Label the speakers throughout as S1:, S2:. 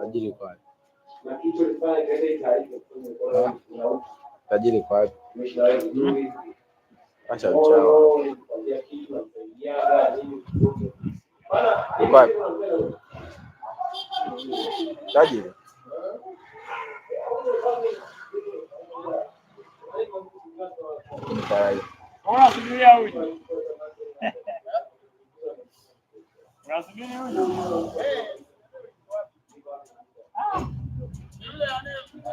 S1: Tajiri kwa wapi? Tajiri kwa wapi? Hmm. Acha uchao. Tajiri
S2: unasubiri huyu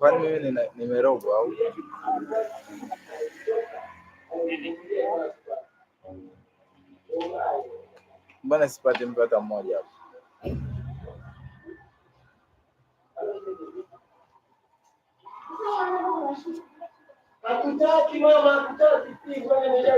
S1: Kwani mimi nimerogwa au? Mbona sipati mtu hata mmoja hapo? Hakutaki mama, hakutaki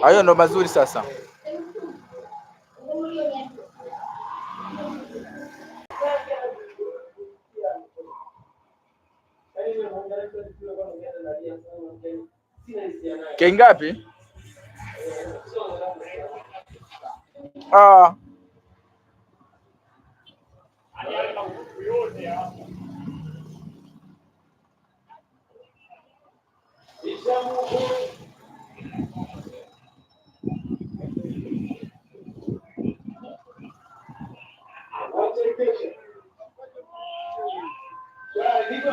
S1: Hayo ndo mazuri sasa. Kei ngapi? Ah. Niko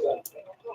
S1: Thank you.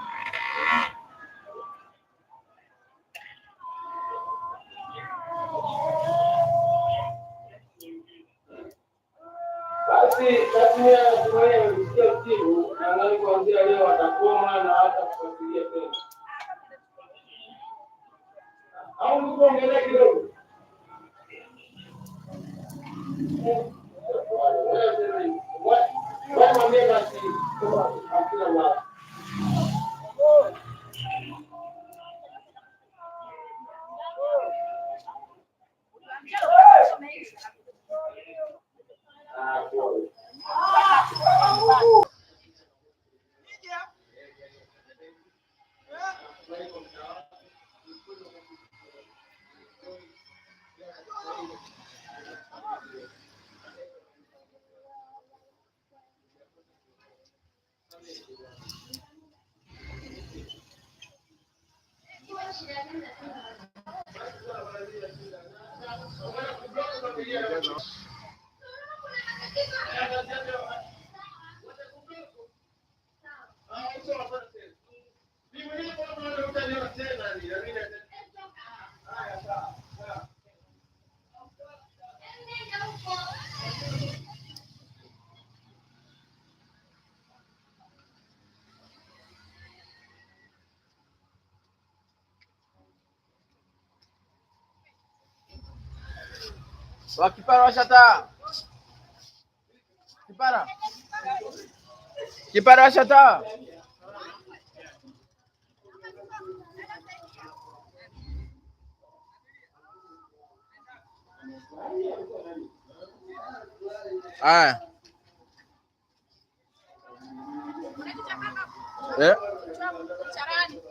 S1: Yeah. Ó, que parou já tá. Que parou. Que parou já tá. Ah. É? é?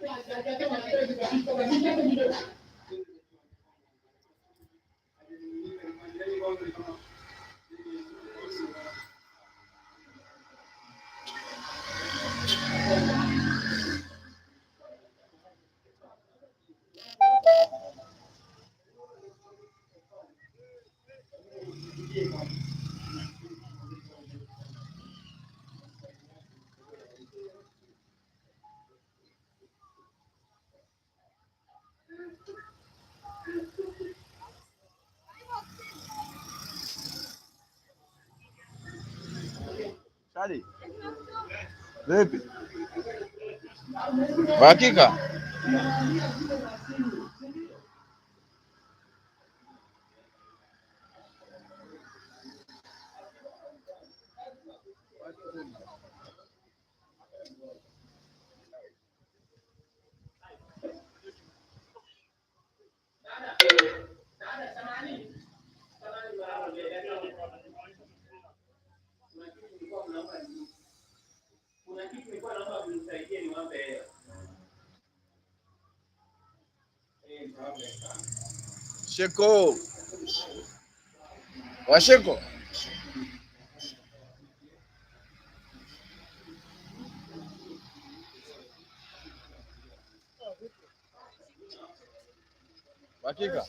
S1: Gracias. Ali. Vem, Vai aqui, cara. Sheko washeko hakika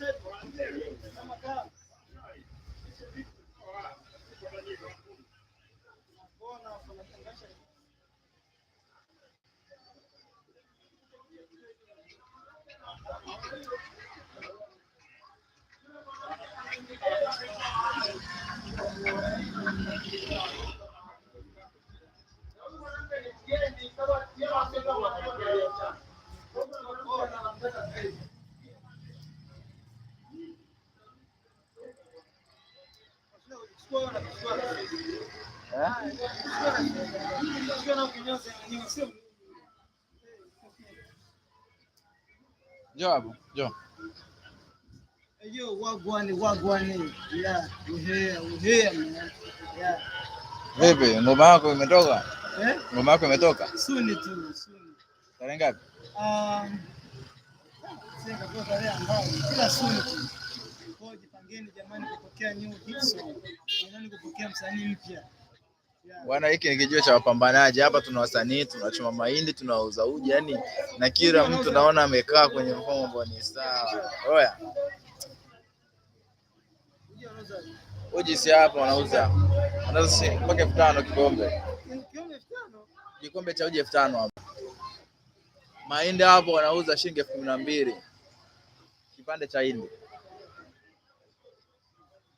S1: Yo, yo.
S3: Yo, yeah, man. Yeah.
S1: Vipi, ngoma yako imetoka? Eh? Ngoma yako imetoka?
S3: Suni tu, suni. Tarehe ngapi? Um, tarehe ambayo kila Kwa jipangeni
S1: jamani kupokea new Jamani kupokea msanii mpya. Bwana, hiki ni kijiwe cha wapambanaji hapa. Tuna wasanii, tunachoma mahindi, tunauza uji, yani na kila mtu naona amekaa kwenye mfumo ambao ni sawa. Oya. Ujisi hapa wanauza wanauza mpaka elfu tano kikombe, kikombe cha uji elfu tano hapa. Mahindi hapo wanauza shilingi elfu kumi na mbili kipande cha hindi,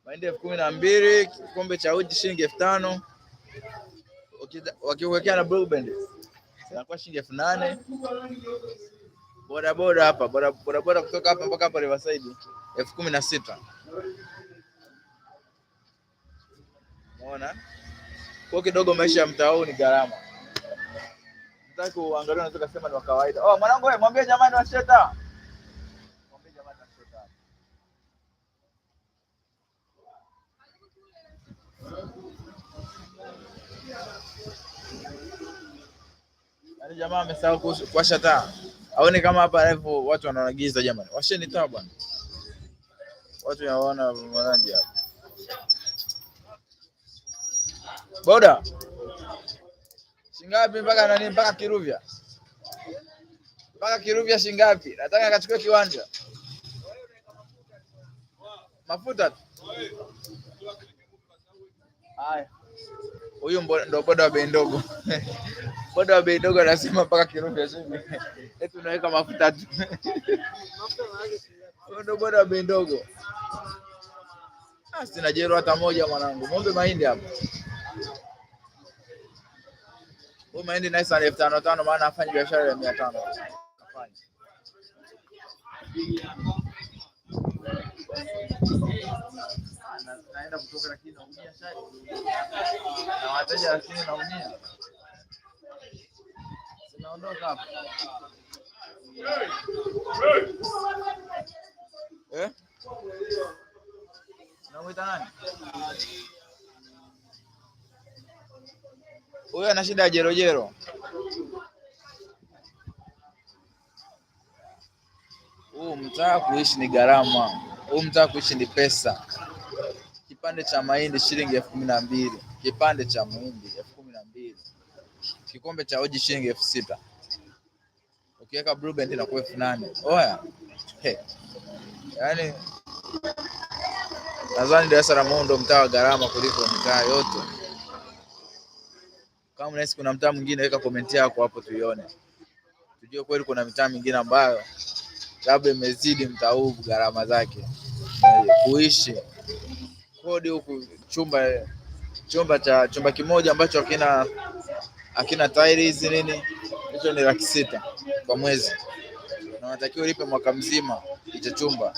S1: mahindi elfu kumi na mbili kikombe cha uji shilingi elfu tano wakiwekea na blue band inakuwa shilingi elfu nane Bodaboda hapa bodaboda kutoka hapa mpaka hapa Riverside elfu kumi na sita Unaona? Kwa kidogo maisha ya mtaa huu ni gharama. Nataka uangalie unaweza kusema ni wa kawaida. Oh, mwanangu wewe mwambie jamani wa sheta. Mwambie jamani wa sheta. Yaani jamaa amesahau kuhusu kuwasha taa. Aone kama hapa live watu wanaona giza jamani. Washeni taa bwana. Watu yaona mwanangu hapa. boda shingapi mpaka nani mpaka Kiruvya mpaka Kiruvya shingapi? Nataka kachukue kiwanja mafuta Haya, huyu ndo boda wa bei ndogo boda wa bei ndogo anasema mpaka Kiruvya shingapi? Eti unaweka mafuta tu huyu ndo boda wa bei ndogo. Ah, sina jero hata moja mwanangu, mombe mahindi hapa. Huyu mahindi nice sana elfu tano tano, maana afanye biashara ya mia tano eh? namwita nani? huyo ana shida ya jerojero. Huu mtaa kuishi ni gharama, huu mtaa kuishi ni pesa. Kipande cha mahindi shilingi elfu kumi na mbili kipande cha muhindi elfu kumi na mbili kikombe cha uji shilingi elfu sita ukiweka Blue Band inakuwa elfu nane Oya, yaani nadhani Dar es Salaam ndo mtaa wa gharama kuliko mtaa yote. Kama unahisi kuna mtaa mwingine, weka komenti yako hapo tuione, tujue kweli kuna mitaa mingine ambayo labda imezidi mtaa huu gharama zake kuishi. Kodi huku chumba chumba cha chumba kimoja ambacho hakina hakina tairi hizi nini, hicho ni laki sita kwa mwezi, na unatakiwa ulipe mwaka mzima hicho chumba.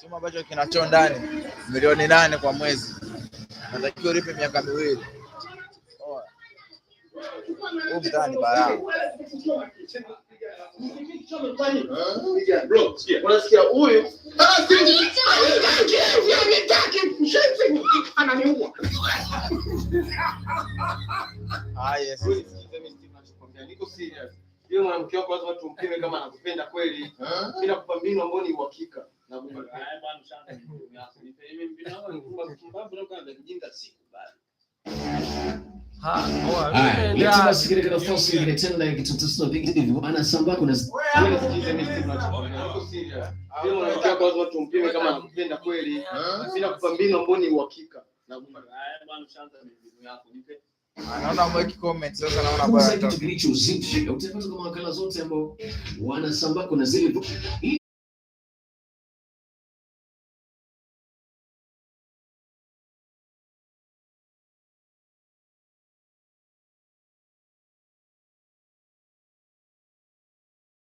S1: Chumba ambacho kina ndani milioni nane kwa mwezi, unatakiwa ulipe miaka miwili huyu mtaa ni balaa. wako lazima kama anakupenda kweli. Mimi nakupa mbinu ambayo ni uhakika.
S4: Oh, Leti basikireke ah, ah, kilicho uzito utapata kama wakala zote ambao wanasambaa kuna zile